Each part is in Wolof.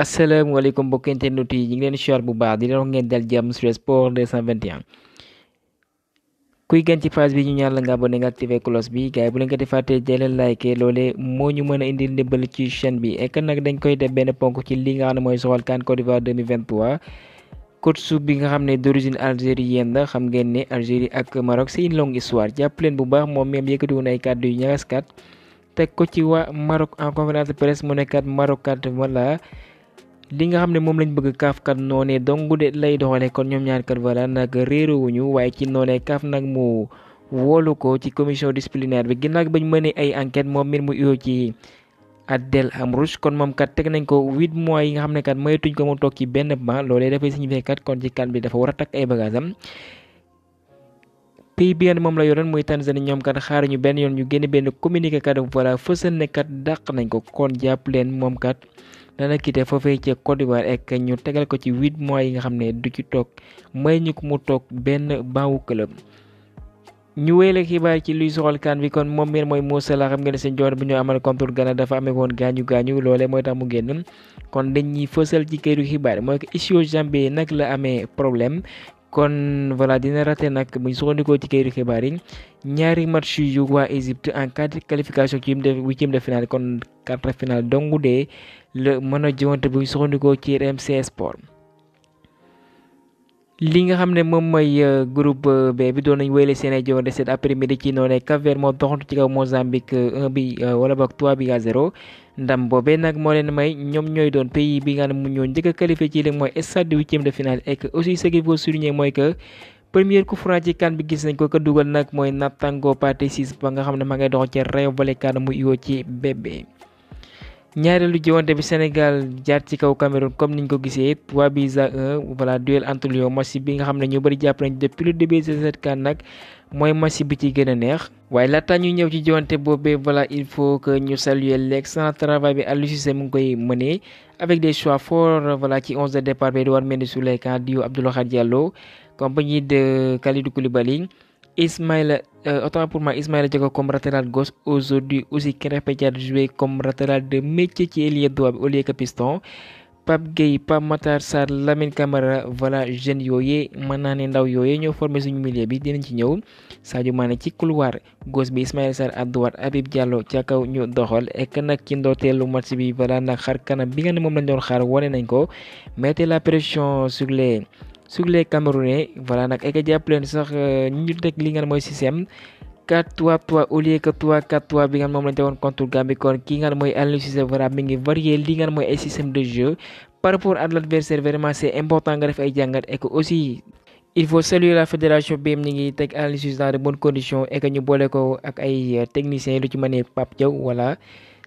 asalaamaaleykum mbokk internet yi ñu ngi leen di bu baax di leen ngeen dal jàmm sur sport 221 kuy gan ci page bi ñu ñaan la nga abonné nga activé cloche bi gars yi bu leen ko di fàtte jëlee like loole nag dañ koy def benn ponk ci li nga xam ne mooy soxal CAN Côte d'Ivoire 2023 coach bi nga xam ne d'origine algérienne la xam ngeen ne Algérie ak Maroc c'est une longue histoire jàpp leen bu baax moom même yëkkati woon ay kàddu yu ñagaskat teg ko ci waa Maroc en conférence de presse mu nekkat Maroc kat wala. li nga xam ne moom lañ bëgg kaaf kat noonee dong de lay doxalee kon ñoom ñaar kat voilà nag réerewuñu waaye ci noonee kaaf nag mu woolu ko ci commission disciplinaire bi ginnaaw bañ mënee ay enquête moom mbir mu uyoo ci Adel Amrouche kon moom kat teg nañ ko huit mois yi nga xam ne kat maytuñ ko mu toog ci benn ban loolee dafay signifié kat kon ci kan dafa war a ay bagages am pays bi moom la yoroon muy Tanzanie ñoom kat xaar ñu benn yoon ñu génn benn communiqué kat voilà fësal ne kat nañ ko kon jàpp leen moom kat. na la quitté foofee ca Côte d'Ivoire ek ñu tegal ko ci huit mois yi nga xam ne du ci toog may ñu ko mu toog benn baawu club. ñu wéyale xibaar ci luy soxal kaan bi kon moom meen mooy Mo Salah xam ngeen ne seen joor bu ñu amal contre Ghana dafa amee woon gaañu gaañu loolee mooy tax mu génn kon dañ dañuy fësal ci këru xibaar mooy que ischio-jambier nag la amee problème kon voilà dina raté nag bu sukkandikoo ci këyit xibaar yi ñaari match yu wa Égypte en cas de qualification ci huitième de finale kon quart de finale dong de la mën a jiwante bu sukkandikoo ci RMC Sport. li nga xam ne moom mooy euh, groupe euh, B bi doon nañ wéyale seen ay jogante cet après-midi ci noo ne Cap Vert moo kaw Mozambique 1 euh, bi wala boog 3 bi à 0 nag moo leen may ñoom ñooy doon pays bi nga mu ñoo njëkk a ci li mooy stade de huitième de aussi ce qu'il mooy que première coup franc kan bi gis nañ ko ko dugal nag mooy Natango Pathé Ciss ba nga xam ne ma ngay dox ci Rayo Vallecano mu iwoo ci bébé ñaareelu jiwante bi Sénégal jaar ci kaw Cameroun comme niñ ko gisee 3 buts à 1 voilà duel entre Lions match bi nga xam ne ñoo bëri jàpp nañ depuis le début de cette CAN nag mooy match bi ci gën a neex. waaye laata ñu ñëw ci jiwante boobee voilà il faut que ñu saluer sant travail bi Aliou Cissé mu ngi koy mënee avec des choix forts voilà ci 11 de départ bi Edouard Mendy sur les camps Abdoulaye Diallo compagnie de Kalidou Koulibaly. Ismail, euh, autant pour moi, Ismail Diago comme latéral gauche aujourd'hui aussi Kerepetian joué comme latéral de métier qui est lié droit au bi dinañ ci ñëw Sadio Mané ci couloir gauche bi Ismaïla Sarr à ca kaw ñu doxal ek nag ci ndorteelu match bi voilà nag xar kanam bi nga ne moom lañ doon xaar wane nañ ko mettez la pression sur les. sur les Camerounais voilà nag ay ka jàpp leen sax euh, ñu teg li nga mooy système 4-3-3 au lieu que 3 bi nga moom lañ tegoon contre Gambie kon ki nga mooy Aliou Cissé voilà mi ngi varié li nga mooy ay système de jeu par rapport à l'adversaire vraiment c'est important nga def ay jàngat et que aussi. il faut saluer la fédération bi ñu ngi teg Aliou Cissé dans de bonnes conditions et que ñu boole ko ak ay techniciens lu ci mën Pape Diaw voilà.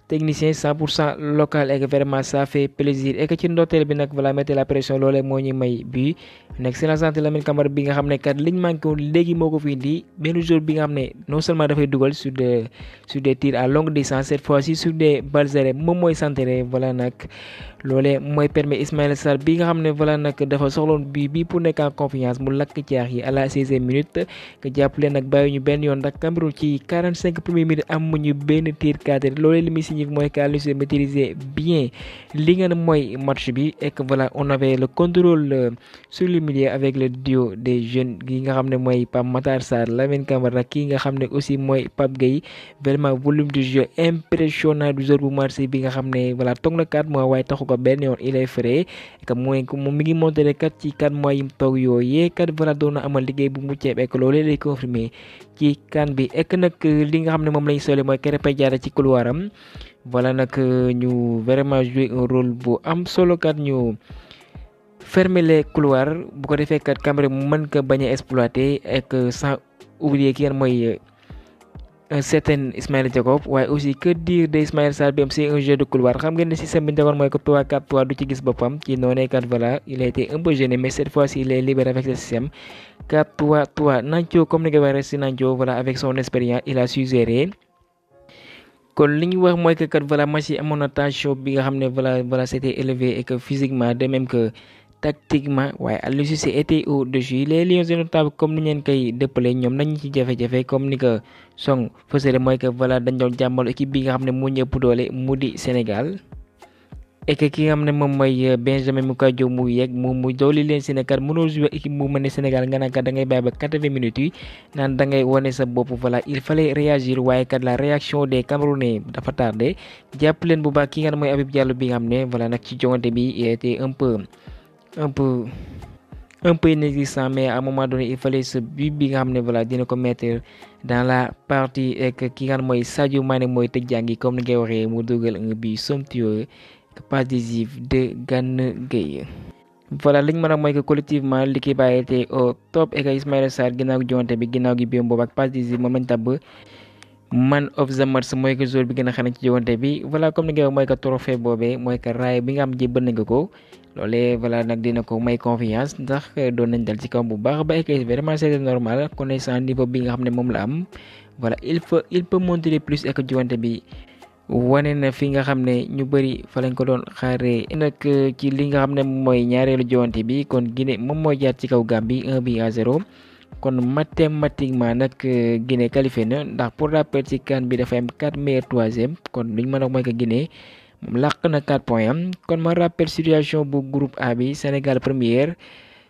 technicien 100% local et que vraiment ça fait plaisir et ci ndotteel bi nag voilà la pression loolee moo ñu may bi nekk seen santé Lamine Camara bi nga xam ne kat liñ ko fi indi benn jour bi nga xam ne non seulement dafay dugal sur des sur des longue distance cette fois ci sur des balles moom mooy centré voilà nag loolee mooy permet Ismaïla Sarr bi nga xam ne voilà nag dafa soxloon bi bi nekk en confiance mu lakk caax yi à minute nga jàppale signifique mooy que Aliou Cissé maîtriser bien li ngeen mooy match bi et que on avait le contrôle euh, sur le milieu avec le duo des jeunes yi nga xam ne mooy Pape Matar Sarr Lamine Camara kii nga xam ne aussi mooy Pape Gueye vraiment volume du jeu impressionnant du joueur bu Marseille bi nga xam ne voilà toog na 4 mois waaye taxu ko benn yoon il est frais que mooy moom mi ngi montré kat liggéey bu mucc ayib et que loolee ci kan bi ek nag euh, li nga xam ne moom lañu sole mooy Krépin Diatta ci couloir wala voilà nag euh, ñu vraiment jouer un rôle bu am solo kat ñu fermer les couloirs bu ko defee kat Cambérène mu mën ko bañ a exploiter ak euh, sans oublier ki ngeen mooy. un certain Ismaël Jacob waaye aussi que dire de Ismaël Sarr bi am un jeu de couloir xam ngeen ne système bi ñu tegoon mooy que 3-4-3 du ci gis boppam ci noonee kat voilà il a été un peu gêné mais cette fois-ci il est libéré avec système 4-3-3 Nacho comme ni nga waxee si avec son expérience il a su kon li ñu mooy que kat voilà match yi amoon na tension bi nga xam ne voilà voilà c'était élevé physiquement de même que. tactiquement waaye Aliou Cissé était au-dessus les lions indomptables comme ni ngeen koy dëppalee ñoom nañu ci jafe-jafe comme ni ko song fësale mooy que voilà dañ doon jàmmal équipe bi nga xam ne mooy ñu doole mu di Sénégal. ki nga xam ne moom mooy euh, Benjamin Mukajo mu yegg moom mu dooli leen si ne kat mënoo jouer équipe mu mën ne Sénégal nga naan kat da ngay bàyyi ba quatre-vingts minutes yi naan da ngay wane sa bopp voilà il fallait réagir waaye kat la réaction des Camerounais dafa tardé jàpp leen bu baax ki nga ne mooy Habib Diallo bi nga xam ne voilà na ci joŋante bi un peu un peu inexistant mais à un moment donné il fallait bi nga xam ne voilà dina ko mettre dans la partie et que nga xam mooy Sadio Mané mooy te jàngi comme ni ngay waxee mu dugal un but somptueux passe décisive de Gana Gueye voilà liñ mën a mooy que collectivement l'équipe a été au top et que Ismaïla Sarr gi jonte bi ginnaaw gi biom boobu ak passe décisive moom lañ tabb man of the match mooy que joueur bi gën a xarañ ci bi voilà comme ni ngay wax mooy que trophée boobee mooy que raay bi nga xam loolee voilà nag dina ko may confiance ndax eh, doon nañ dal ci kaw bu baax ba équipe vraiment c'est normal connaissant niveau bi nga xam ne moom la am voilà il faut il peut montrer plus ak jiwante bi wane na fi nga xam ne ñu bëri fa lañ ko doon xaare nag eh, ci li nga xam ne mooy ñaareelu jiwante bi kon Guinée moom mooy jaar ci kaw Gambie 1 bi à 0 kon mathématiquement nag eh, Guinée qualifié na ndax pour rappel ci CAN bi dafa am 4 meilleurs troisième kon luñ mën a mooy que Guinée. làq na 4 points am kon ma rappel situation bu groupe A Sénégal première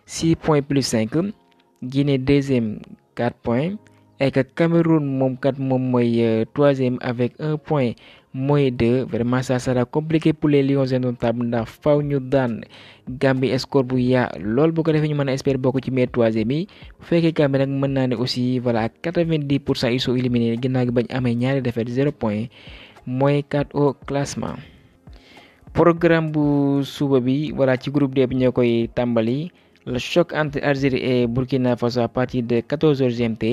6 points plus 5 Guinée deuxième 4 points et que Cameroun moom kat moom mooy euh, troisième avec un point mooy deux vraiment ça sera compliqué pour les lions indomptables ndax faw ñu daan Gambie score bu yaa lool bu ko defee ñu mën a espérer bokk ci meilleur troisième yi bu fekkee Gambie nag mën naa ne aussi voilà quatre-vingt-dix pour cent ils sont éliminés ginnaaw gi bañ amee ñaari défaite zéro point mooy quatre au programme bu suba bi voilà ci groupe D bi ñoo koy tàmbali le choc entre Algérie et Burkina Faso à partir de 14h GMT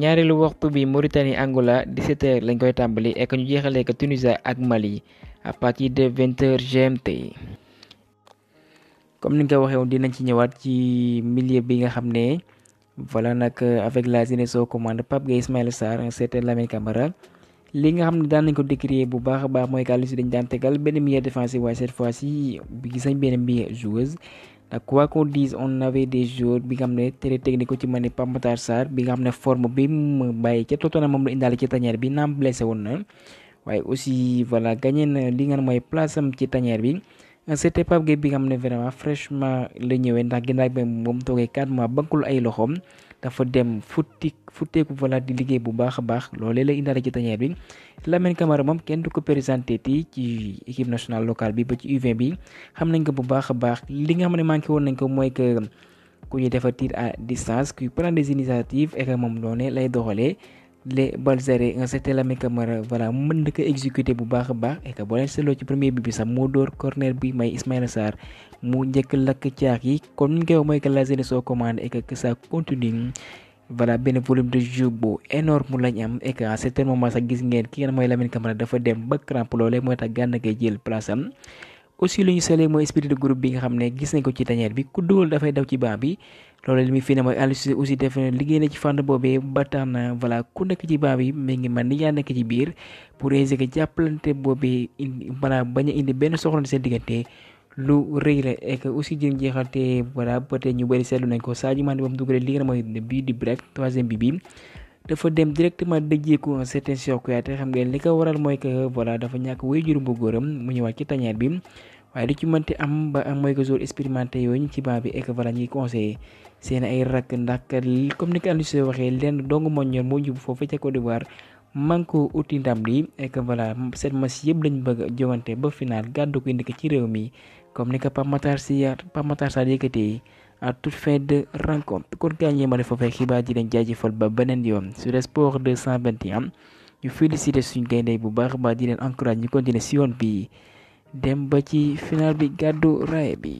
ñaareelu waxtu bi Mauritanie Angola 17 lañ koy tàmbali et ñu jeexalee ko Tunisie ak Mali à partir de 20h GMT. comme ni nga ko waxee dinañ ci ñëwaat ci milieu bi nga xam ne voilà nag euh, avec la Guinée sous commande Pape Gueye Ismaïla Sarr un certain Lamine Camara. li nga xam ne daan nañ ko décrier bu baax baax mooy Carlisle dañ daan tegal benn meilleur défensif waaye cette fois ci gis nañ benn meilleure joueuse ndax quoi qu'on dise on avait des joueurs bi nga xam ne très technique ko ci mën a Pape Matar bi nga xam ne forme bi mu bàyyi ca Tottenham moom la indaale ci tanière bi naam blessé woon na waaye aussi voilà gagné na li nga xam mooy place am ci tanière bi c'était Pape Gueye bi nga xam ne vraiment fraîchement la ñëwee ndax ginnaaw bi moom toogee 4 mois bankul ay loxoom. dafa dem futti futteeku volaat di liggéey bu baax a baax loolee la indaale ci tañeer bi Lamine Camara moom kenn du ko présenté ti ci équipe nationale locale bi ba ci u bi xam nañ ko bu baax a baax li nga xam ne manqué woon nañ ko mooy que ku ñuy defar tir à distance ku prend des initiatives et moom loo lay doxalee. les balles arrêtées nga seetee la Camara voilà mën na ko bu baax a baax et que boo seetloo ci premier bi bi sax moo dóor corner bi may Ismaïla Sarr mu njëkk lakk caax yi kon nu ñu koy wax mooy que la zone soo commande et que ça continue voilà benn volume de jeu bu énorme lañ am et que à certain sax gis ngeen ki mooy Lamine Camara dafa dem ba cramp loolee mooy tax gànn kay jël place am. aussi lu ñu solee mooy esprit groupe bi nga xam ne gis nañ ko ci tanière bi ku dugal dafay daw ci banc bi loolu li muy fi ne mooy Aliou Cissé aussi def liggéey na ci bi mi ngi man ni yaa nekk ci biir pour réussir que jàppalante boobee indi maanaam bañ indi benn soxla seen diggante lu rëy la aussi jën jeexalte voilà peut être ñu bëri seetlu nañ ko Sadio Mané ba mu dugalee li nga mooy bii di break troisième bi bi dafa dem directement dëjjeeku un certain Cheikh Kouyaté xam ngeen li ko waral mooy que voilà dafa ñàkk wéy juróom bu góoram mu ñëwaat ci tanière bi waaye lu ci mënti am ba am mooy que jour expérimenté yooyu ci ban bi et que voilà ñuy seen ay rakk ndax comme ni ko Aliou Cissé waxee lenn dong moo ñor moo jub foofu ca Côte d'Ivoire man ko uti ndam li et que voilà cette match yëpp lañ bëgg a jogante ba final gàddu ko indi ko ci réew mi comme ni ko Pape Matar si Pape Matar Sarr yëkkatee à toute fin de rencontre kon ma ne foofee ji leen jaajëfal ba beneen yoon sur le sport 221 ñu félicité suñu gaynde bu baax a di leen encourage ñu continuer si yoon bii. dem ba ci final bi gàddu raay bi